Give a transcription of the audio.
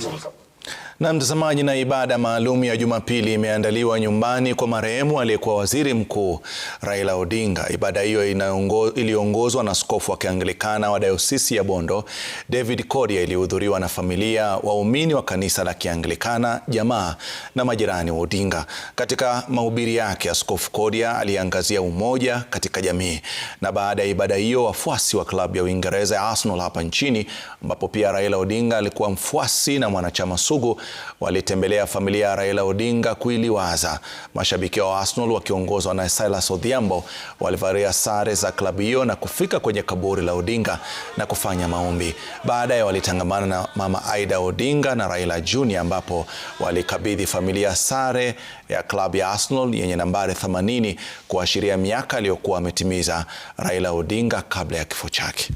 そ Na mtazamaji, na ibada maalum ya Jumapili imeandaliwa nyumbani kwa marehemu aliyekuwa waziri mkuu Raila Odinga. Ibada hiyo iliongozwa na askofu wa Kianglikana wa Dayosisi ya Bondo, David Kodia, ilihudhuriwa na familia, waumini wa kanisa la Kianglikana, jamaa na majirani wa Odinga. Katika mahubiri yake, Askofu Kodia aliangazia umoja katika jamii. Na baada ya ibada hiyo, wafuasi wa klabu ya Uingereza ya Arsenal hapa nchini, ambapo pia Raila Odinga alikuwa mfuasi na mwanachama sugu walitembelea familia ya Raila Odinga kuiliwaza. Mashabiki wa Arsenal wakiongozwa na Silas Odhiambo walivalia sare za klabu hiyo na kufika kwenye kaburi la Odinga na kufanya maombi. Baadaye walitangamana na mama Aida Odinga na Raila Junior, ambapo walikabidhi familia sare ya klabu ya Arsenal yenye nambari 80 kuashiria miaka aliyokuwa ametimiza Raila Odinga kabla ya kifo chake.